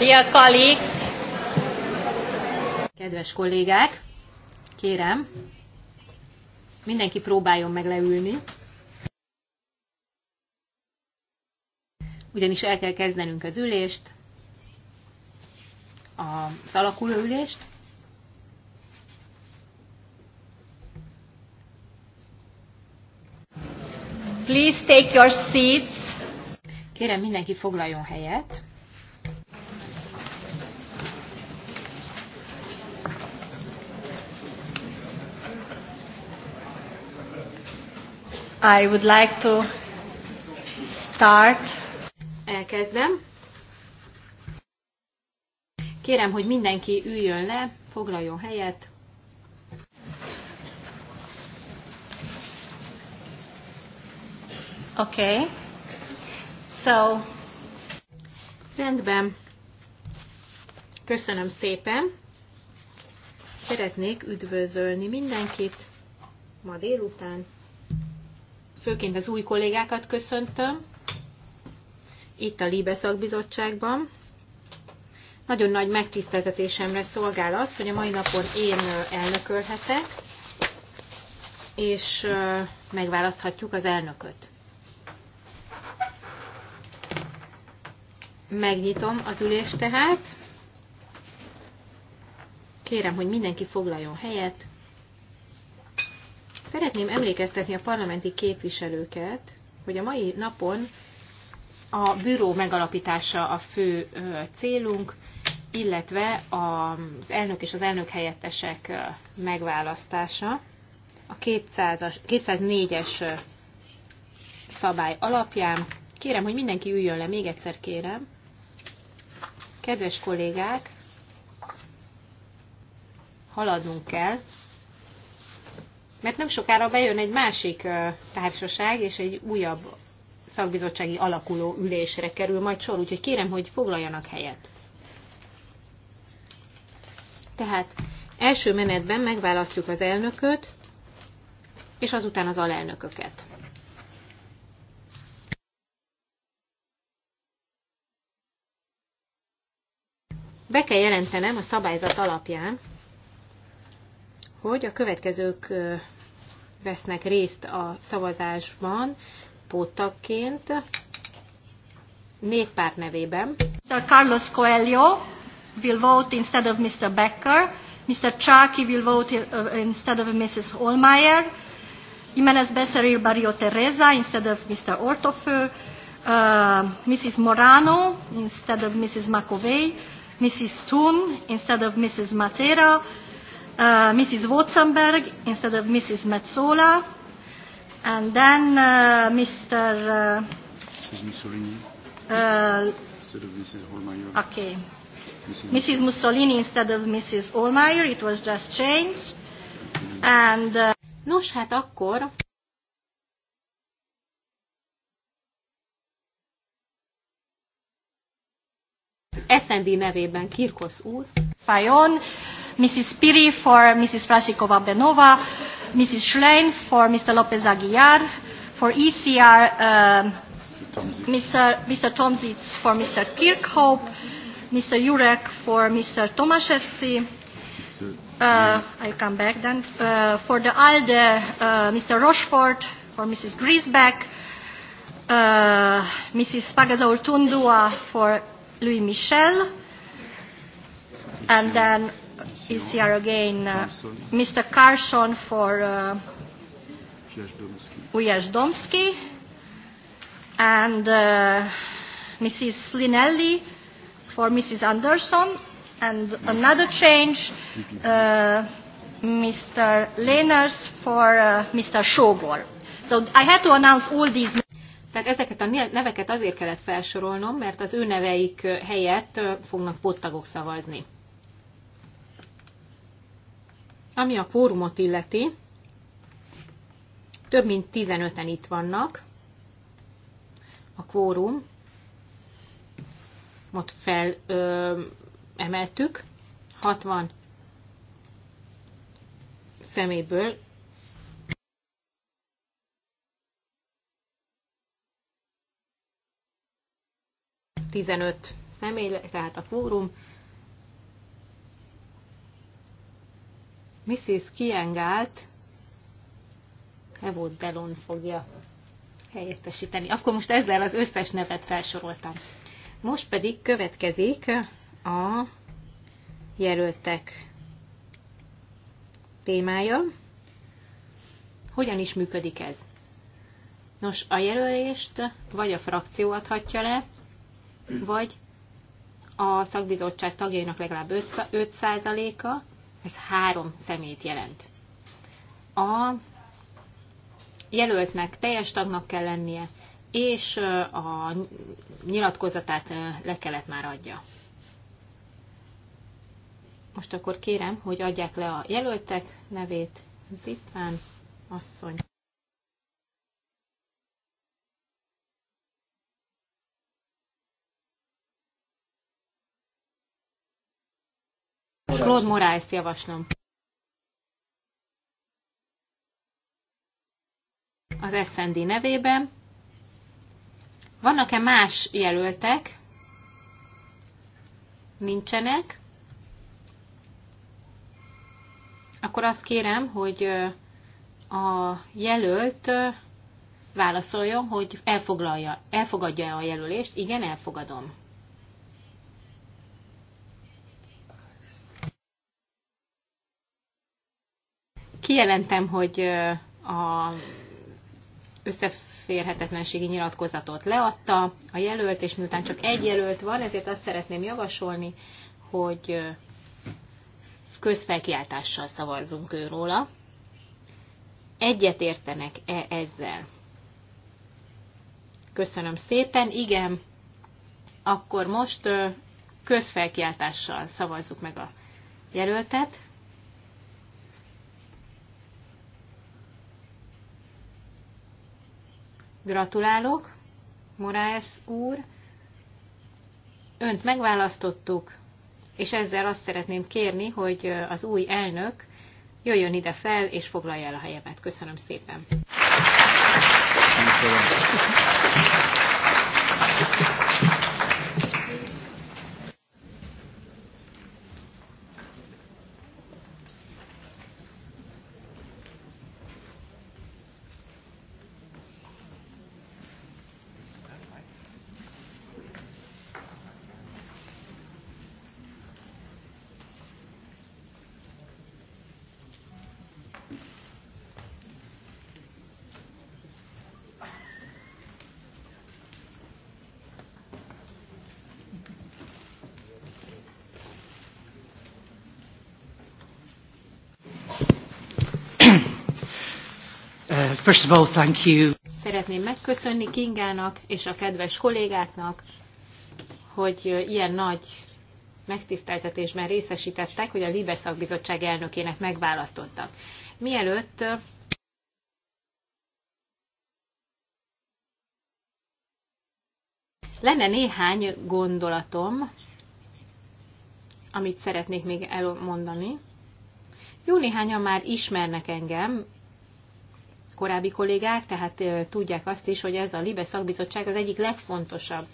Dear colleagues. Kedves kollégák, kérem, mindenki próbáljon meg leülni. Ugyanis el kell kezdenünk az ülést, az alakuló ülést, Please take your seats. Kérem mindenki foglaljon helyet. I would like to start. Elkezdem. Kérem, hogy mindenki üljön le, foglaljon helyet. Okay. So. Rendben. Köszönöm szépen. Szeretnék üdvözölni mindenkit ma délután főként az új kollégákat köszöntöm itt a Libe szakbizottságban. Nagyon nagy megtiszteltetésemre szolgál az, hogy a mai napon én elnökölhetek, és megválaszthatjuk az elnököt. Megnyitom az ülést tehát. Kérem, hogy mindenki foglaljon helyet. Szeretném emlékeztetni a parlamenti képviselőket, hogy a mai napon a bűró megalapítása a fő célunk, illetve az elnök és az elnök helyettesek megválasztása a 204-es szabály alapján. Kérem, hogy mindenki üljön le, még egyszer kérem. Kedves kollégák, haladnunk kell. Mert nem sokára bejön egy másik társaság, és egy újabb szakbizottsági alakuló ülésre kerül majd sor, úgyhogy kérem, hogy foglaljanak helyet. Tehát első menetben megválasztjuk az elnököt, és azután az alelnököket. Be kell jelentenem a szabályzat alapján, hogy a következők vesznek részt a szavazásban póttakként, párt nevében. Mr. Carlos Coelho will vote instead of Mr. Becker. Mr. Chaki will vote uh, instead of Mrs. Olmeyer. Jimenez Becerril Barrio Teresa instead of Mr. Ortofő. Uh, Mrs. Morano instead of Mrs. McAvey. Mrs. Toon instead of Mrs. Matera uh, Mrs. Wotzenberg instead of Mrs. Metzola, and then uh, Mr. Uh, Mrs. Mussolini uh, instead of Mrs. Holmeyer. Okay. Mrs. Mrs. Mussolini instead of Mrs. Olmeyer, it was just changed. Mm-hmm. And, uh, Nos, hát akkor SND nevében Kirkosz úr. Fajon, Mrs. Piri for Mrs. Frasikova Benova, Mrs. Schlein for Mr. Lopez Aguiar, for ECR, um, Mr. Mr. Tomzitz for Mr. Kirkhope, Mr. Jurek for Mr. Tomaszewski, uh, I come back then, uh, for the ALDE, uh, Mr. Rochefort, for Mrs. Griesbeck, uh, Mrs. Pagazaur Tundua for Louis Michel, and then here again, uh, Mr. Carson for uh, Ujazdowski and uh, Mrs. Linelli for Mrs. Anderson and another change, uh, Mr. Leners for uh, Mr. Sogor. So I had to announce all these tehát ezeket a neveket azért kellett felsorolnom, mert az ő neveik uh, helyett uh, fognak pottagok szavazni. Ami a fórumot illeti, több mint 15-en itt vannak. A kvórum ott fel ö, emeltük. 60 szeméből tizenöt személy, tehát a fórum Mrs. Kiengált Evo Delon fogja helyettesíteni. Akkor most ezzel az összes nevet felsoroltam. Most pedig következik a jelöltek témája. Hogyan is működik ez? Nos, a jelölést vagy a frakció adhatja le, vagy a szakbizottság tagjainak legalább 5%-a, ez három szemét jelent. A jelöltnek teljes tagnak kell lennie, és a nyilatkozatát le kellett már adja. Most akkor kérem, hogy adják le a jelöltek nevét, Zipán asszony. Claude Moraes-t javaslom. Az SND nevében. Vannak-e más jelöltek? Nincsenek. Akkor azt kérem, hogy a jelölt válaszoljon, hogy elfoglalja, elfogadja -e a jelölést. Igen, elfogadom. Kijelentem, hogy a összeférhetetlenségi nyilatkozatot leadta a jelölt, és miután csak egy jelölt van, ezért azt szeretném javasolni, hogy közfelkiáltással szavazzunk ő róla. Egyet értenek-e ezzel? Köszönöm szépen, igen. Akkor most közfelkiáltással szavazzuk meg a jelöltet. Gratulálok, Moraes úr. Önt megválasztottuk, és ezzel azt szeretném kérni, hogy az új elnök jöjjön ide fel, és foglalja el a helyemet. Köszönöm szépen. Köszönöm. First of all, thank you. Szeretném megköszönni Kingának és a kedves kollégáknak, hogy ilyen nagy megtiszteltetésben részesítettek, hogy a Libe szakbizottság elnökének megválasztottak. Mielőtt lenne néhány gondolatom, amit szeretnék még elmondani. Jó néhányan már ismernek engem, korábbi kollégák, tehát tudják azt is, hogy ez a LIBE szakbizottság az egyik legfontosabb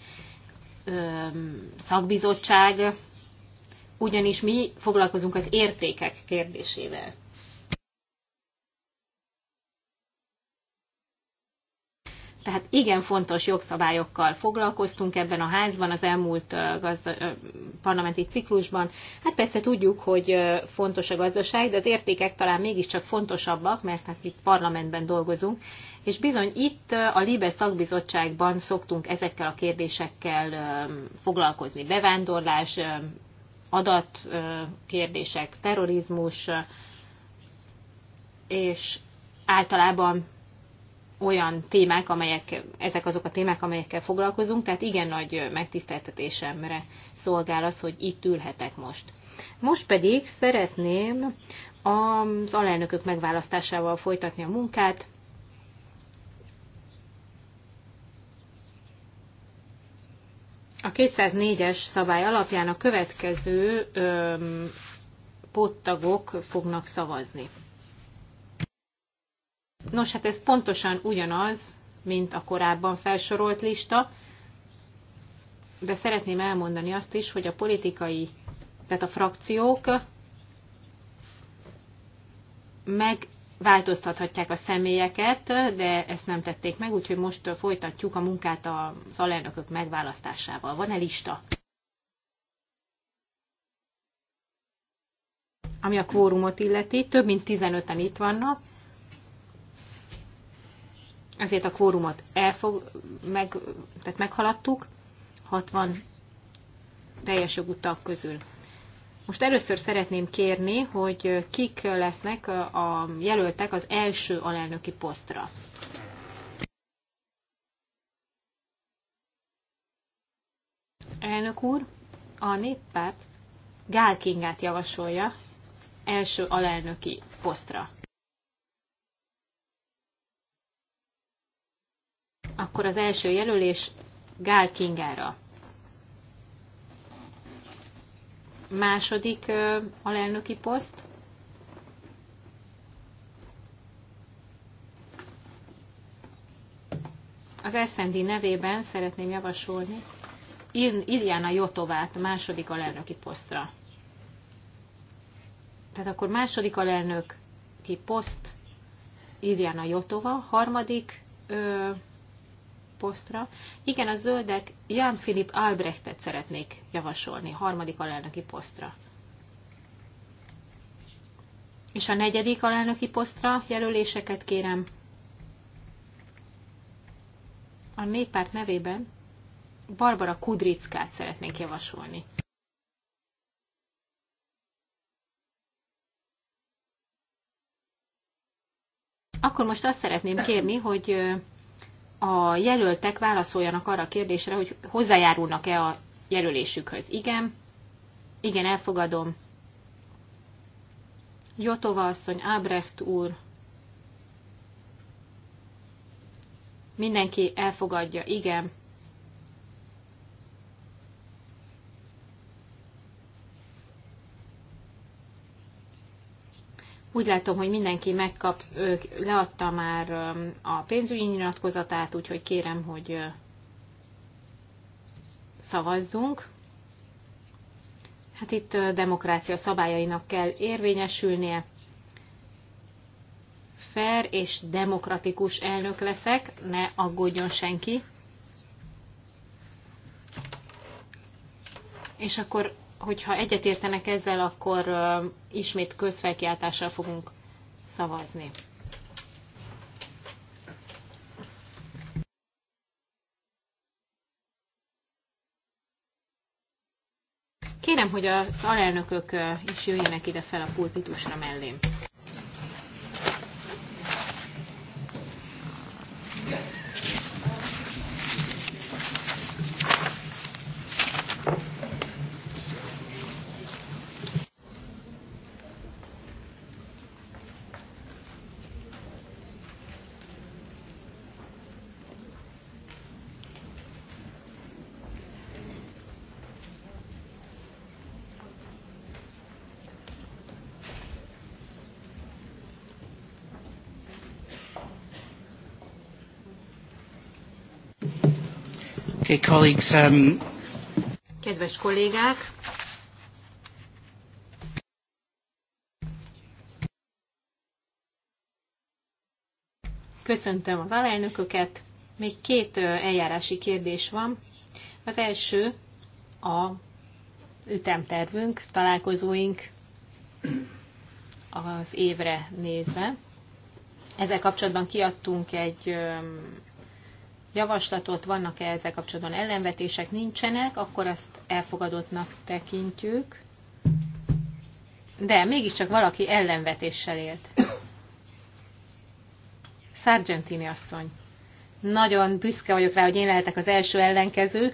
szakbizottság, ugyanis mi foglalkozunk az értékek kérdésével. Tehát igen fontos jogszabályokkal foglalkoztunk ebben a házban az elmúlt gazda, parlamenti ciklusban. Hát persze tudjuk, hogy fontos a gazdaság, de az értékek talán mégiscsak fontosabbak, mert hát itt parlamentben dolgozunk, és bizony itt a Libe szakbizottságban szoktunk ezekkel a kérdésekkel foglalkozni. Bevándorlás, adatkérdések, terrorizmus, és általában olyan témák, amelyek, ezek azok a témák, amelyekkel foglalkozunk, tehát igen nagy megtiszteltetésemre szolgál az, hogy itt ülhetek most. Most pedig szeretném az alelnökök megválasztásával folytatni a munkát. A 204-es szabály alapján a következő öm, pottagok fognak szavazni. Nos, hát ez pontosan ugyanaz, mint a korábban felsorolt lista, de szeretném elmondani azt is, hogy a politikai, tehát a frakciók megváltoztathatják a személyeket, de ezt nem tették meg, úgyhogy most folytatjuk a munkát az alelnökök megválasztásával. Van-e lista? Ami a kvórumot illeti, több mint 15-en itt vannak, ezért a kvórumot elfog, meg, tehát meghaladtuk, 60 teljes jogú tag közül. Most először szeretném kérni, hogy kik lesznek a jelöltek az első alelnöki posztra. Elnök úr, a néppárt Gál Kingát javasolja első alelnöki posztra. Akkor az első jelölés Gál Kingára. Második alelnöki poszt. Az SND nevében szeretném javasolni Iljana Jotovát második alelnöki posztra. Tehát akkor második alelnöki poszt Iljana Jotova, harmadik posztra. Igen, a zöldek Jan Filip Albrechtet szeretnék javasolni harmadik alelnöki posztra. És a negyedik alelnöki posztra jelöléseket kérem. A néppárt nevében Barbara Kudrickát szeretnék javasolni. Akkor most azt szeretném kérni, hogy a jelöltek válaszoljanak arra a kérdésre, hogy hozzájárulnak-e a jelölésükhöz. Igen, igen, elfogadom. Jotova asszony, Ábrecht úr, mindenki elfogadja, igen, Úgy látom, hogy mindenki megkap, leadta már a pénzügyi nyilatkozatát, úgyhogy kérem, hogy szavazzunk. Hát itt demokrácia szabályainak kell érvényesülnie. Fair és demokratikus elnök leszek, ne aggódjon senki. És akkor hogyha egyetértenek ezzel, akkor ismét közfelkiáltással fogunk szavazni. Kérem, hogy az alelnökök is jöjjenek ide fel a pulpitusra mellém. Okay, colleagues, um... Kedves kollégák, Köszöntöm az alelnököket. Még két eljárási kérdés van. Az első a ütemtervünk, találkozóink az évre nézve. Ezzel kapcsolatban kiadtunk egy javaslatot, vannak-e ezzel kapcsolatban ellenvetések, nincsenek, akkor azt elfogadottnak tekintjük. De mégiscsak valaki ellenvetéssel élt. Sargentini asszony. Nagyon büszke vagyok rá, hogy én lehetek az első ellenkező.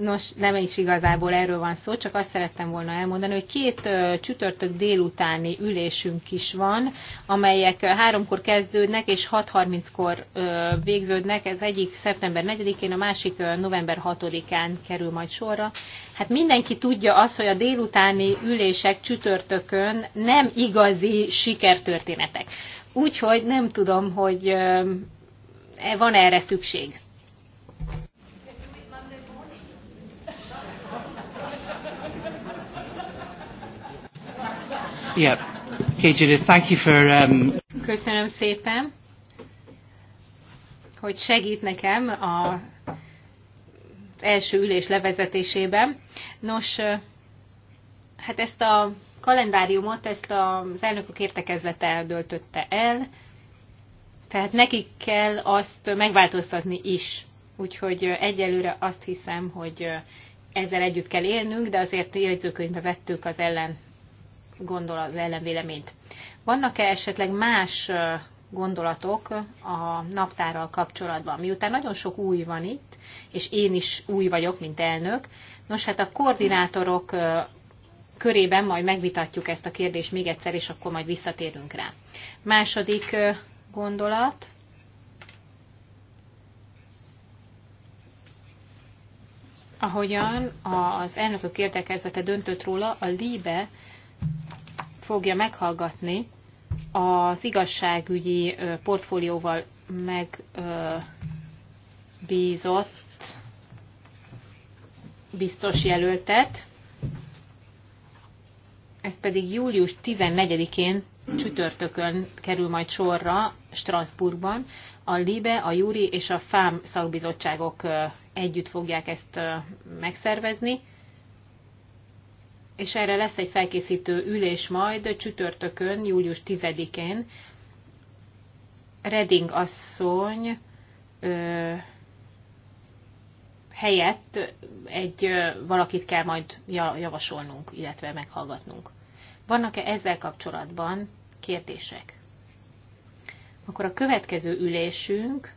Nos, nem is igazából erről van szó, csak azt szerettem volna elmondani, hogy két csütörtök délutáni ülésünk is van, amelyek háromkor kezdődnek és 6.30-kor végződnek. Ez egyik szeptember 4-én, a másik november 6-án kerül majd sorra. Hát mindenki tudja azt, hogy a délutáni ülések csütörtökön nem igazi sikertörténetek. Úgyhogy nem tudom, hogy van -e erre szükség. Okay, Judith, thank you for, um... Köszönöm szépen, hogy segít nekem a első ülés levezetésében. Nos, hát ezt a kalendáriumot, ezt az elnökök értekezlete eldöltötte el, tehát nekik kell azt megváltoztatni is. Úgyhogy egyelőre azt hiszem, hogy ezzel együtt kell élnünk, de azért jegyzőkönyvbe vettük az ellen gondol, ellenvéleményt. Vannak-e esetleg más gondolatok a naptárral kapcsolatban? Miután nagyon sok új van itt, és én is új vagyok, mint elnök, nos hát a koordinátorok körében majd megvitatjuk ezt a kérdést még egyszer, és akkor majd visszatérünk rá. Második gondolat. Ahogyan az elnökök értekezete döntött róla, a LIBE fogja meghallgatni az igazságügyi portfólióval megbízott biztos jelöltet. Ez pedig július 14-én csütörtökön kerül majd sorra Strasbourgban. A LIBE, a Júri és a FÁM szakbizottságok együtt fogják ezt megszervezni és erre lesz egy felkészítő ülés majd csütörtökön, július 10-én. Reding asszony ö, helyett egy ö, valakit kell majd javasolnunk, illetve meghallgatnunk. Vannak-e ezzel kapcsolatban kérdések? Akkor a következő ülésünk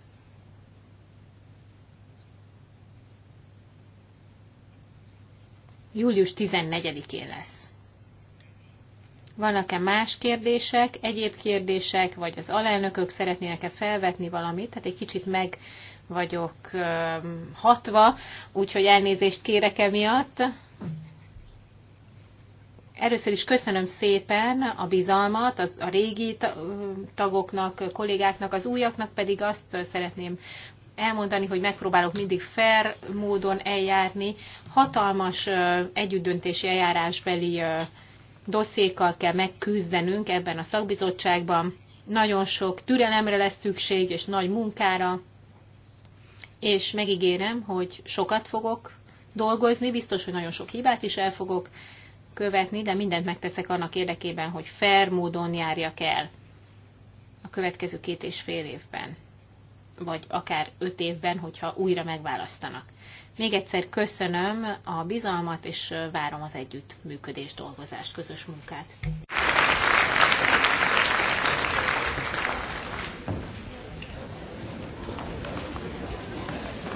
július 14-én lesz. Vannak-e más kérdések, egyéb kérdések, vagy az alelnökök szeretnének-e felvetni valamit? Tehát egy kicsit meg vagyok hatva, úgyhogy elnézést kérek emiatt. Először is köszönöm szépen a bizalmat az, a régi tagoknak, kollégáknak, az újaknak pedig azt szeretném elmondani, hogy megpróbálok mindig fair módon eljárni. Hatalmas együttdöntési eljárásbeli dosszékkal kell megküzdenünk ebben a szakbizottságban. Nagyon sok türelemre lesz szükség, és nagy munkára, és megígérem, hogy sokat fogok dolgozni, biztos, hogy nagyon sok hibát is el fogok követni, de mindent megteszek annak érdekében, hogy fair módon járjak el a következő két és fél évben vagy akár öt évben, hogyha újra megválasztanak. Még egyszer köszönöm a bizalmat, és várom az együttműködés, dolgozást, közös munkát.